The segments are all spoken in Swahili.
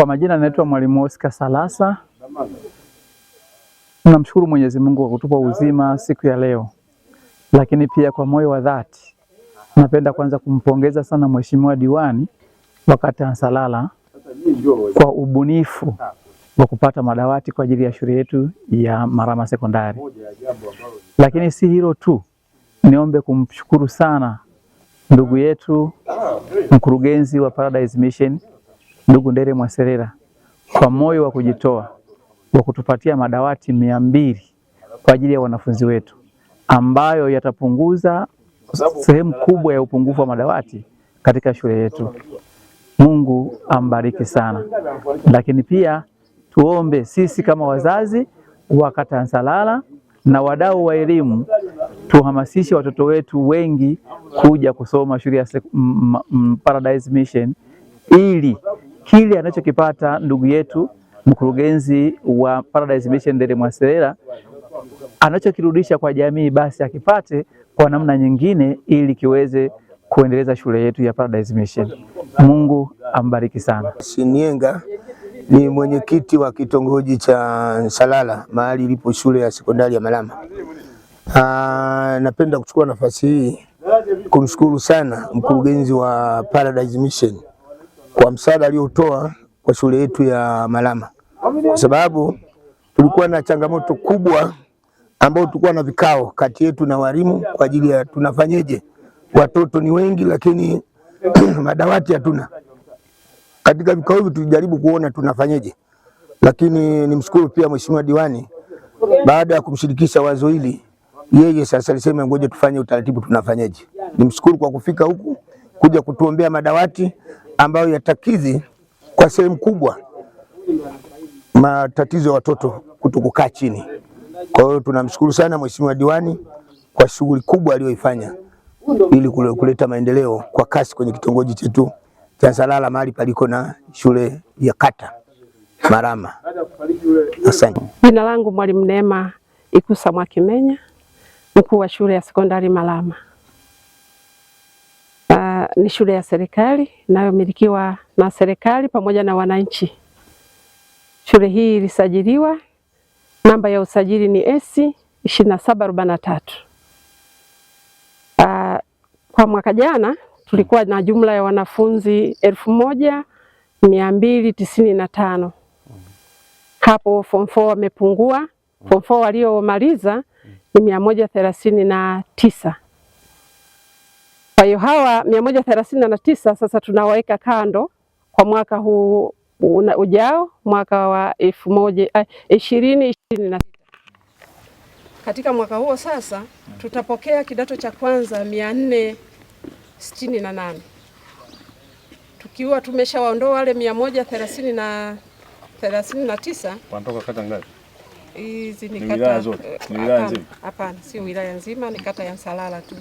Kwa majina naitwa Mwalimu Oscar Salasa. Tunamshukuru Mwenyezi Mungu kwa kutupa uzima siku ya leo, lakini pia kwa moyo wa dhati napenda kwanza kumpongeza sana Mheshimiwa Diwani wa Kata ya Nsalala kwa ubunifu wa kupata madawati kwa ajili ya shule yetu ya Marama Sekondari. Lakini si hilo tu, niombe kumshukuru sana ndugu yetu mkurugenzi wa Paradise Mission ndugu Ndere Mwaserera kwa moyo wa kujitoa wa kutupatia madawati mia mbili kwa ajili ya wanafunzi wetu ambayo yatapunguza sehemu kubwa ya upungufu wa madawati katika shule yetu. Mungu ambariki sana. Lakini pia tuombe sisi kama wazazi wa kata Nsalala na wadau wa elimu tuhamasishe watoto wetu wengi kuja kusoma shule ya Paradise Mission ili kile anachokipata ndugu yetu mkurugenzi wa Paradise Mission Ndere Mwaselera anachokirudisha kwa jamii, basi akipate kwa namna nyingine, ili kiweze kuendeleza shule yetu ya Paradise Mission. Mungu ambariki sana. Sinienga ni mwenyekiti wa kitongoji cha Salala, mahali ilipo shule ya sekondari ya Malama. Aa, ah, napenda kuchukua nafasi hii kumshukuru sana mkurugenzi wa Paradise Mission kwa msaada aliotoa kwa shule yetu ya Malama, kwa sababu tulikuwa na changamoto kubwa ambao tulikuwa na vikao kati yetu na walimu kwa ajili ya tunafanyeje, watoto ni wengi lakini madawati hatuna. Katika vikao hivi tulijaribu kuona tunafanyeje, lakini nimshukuru pia mheshimiwa diwani, baada ya kumshirikisha wazo hili, yeye sasa alisema ngoja tufanye utaratibu tunafanyeje. Nimshukuru kwa kufika huku kuja kutuombea madawati, ambayo yatakidhi kwa sehemu kubwa matatizo ya watoto kuto kukaa chini. Kwa hiyo tunamshukuru sana Mheshimiwa Diwani kwa shughuli kubwa aliyoifanya ili kuleta maendeleo kwa kasi kwenye kitongoji chetu cha Nsalala mahali paliko na shule ya kata Marama. Asante. Jina langu Mwalimu Neema Ikusa Mwakimenya, mkuu wa shule ya sekondari Marama ni shule ya serikali inayomilikiwa na serikali pamoja na wananchi. Shule hii ilisajiliwa, namba ya usajili ni S 2743. na saba na tatu. Ah, kwa mwaka jana tulikuwa na jumla ya wanafunzi elfu moja mia mbili tisini na tano. Hapo form 4 wamepungua, form 4 waliomaliza ni mia moja thelathini na tisa. Kwa hiyo hawa mia moja thelathini na tisa sasa tunawaweka kando kwa mwaka huu una, ujao, mwaka wa elfu moja eh, ishirini ishirini na sita. Katika mwaka huo sasa tutapokea kidato cha kwanza mia nne sitini na nane tukiwa tumeshawaondoa wale mia moja thelathini na thelathini na tisa. Wanatoka kata ngapi? Hizi ni kata, hapana, si wilaya nzima, ni kata ya Msalala tu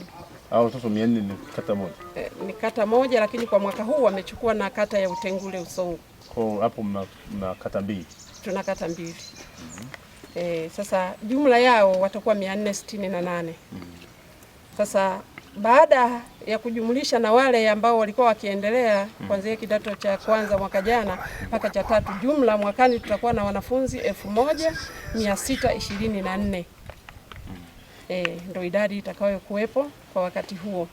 au sasa mia nne ni kata moja e, ni kata moja, lakini kwa mwaka huu wamechukua na kata ya Utengule Usongo. Kwa hapo mna, mna kata mbili, tuna kata mbili mm -hmm. E, sasa jumla yao watakuwa mia nne sitini na nane mm -hmm. Sasa baada ya kujumlisha na wale ambao walikuwa wakiendelea kuanzia kidato cha kwanza mwaka jana mpaka cha tatu, jumla mwakani tutakuwa na wanafunzi elfu moja mia sita ishirini na nne. E, eh, ndo idadi itakayokuwepo kwa wakati huo,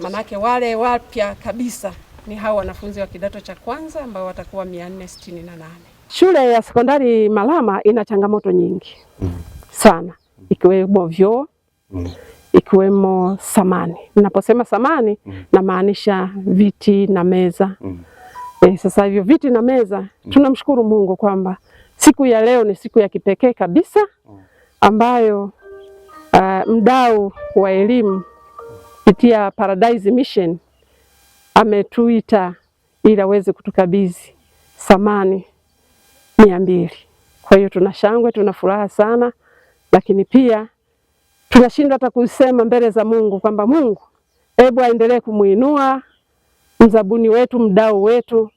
manake wale wapya kabisa ni hao wanafunzi wa kidato cha kwanza ambao watakuwa mia nne sitini na nane. Shule ya sekondari Malama ina changamoto nyingi sana, ikiwemo vyoo, ikiwemo samani. Ninaposema samani, namaanisha viti na meza. E, sasa hivyo viti na meza, tunamshukuru Mungu kwamba siku ya leo ni siku ya kipekee kabisa ambayo mdao mdau wa elimu kupitia Paradise Mission ametuita ili aweze kutukabidhi samani mia mbili. Kwa hiyo tuna shangwe, tuna furaha sana, lakini pia tunashindwa hata kusema mbele za Mungu kwamba Mungu, hebu aendelee kumuinua mzabuni wetu, mdau wetu,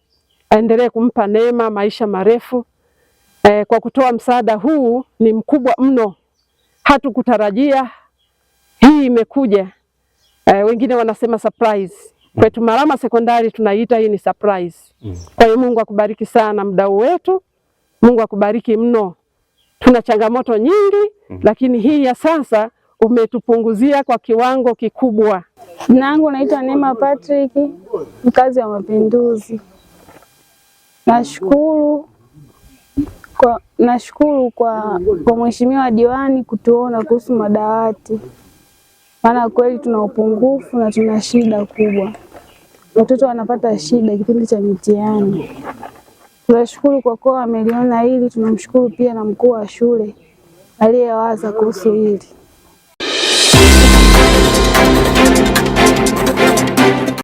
aendelee kumpa neema, maisha marefu. E, kwa kutoa msaada huu ni mkubwa mno hatukutarajia hii imekuja. Eh, wengine wanasema surprise. Kwetu Malama Sekondari tunaita hii ni surprise. Mm. Kwa hiyo Mungu akubariki sana mdau wetu, Mungu akubariki mno. Tuna changamoto nyingi mm. Lakini hii ya sasa umetupunguzia kwa kiwango kikubwa. Jina langu naitwa Neema Patrick, mkazi wa Mapinduzi. Nashukuru kwa, nashukuru kwa, kwa mheshimiwa diwani kutuona kuhusu madawati, maana kweli tuna upungufu na tuna shida kubwa, watoto wanapata shida kipindi cha mitihani. Tunashukuru kwa kuwa ameliona hili. Tunamshukuru pia na mkuu wa shule aliyewaza kuhusu hili.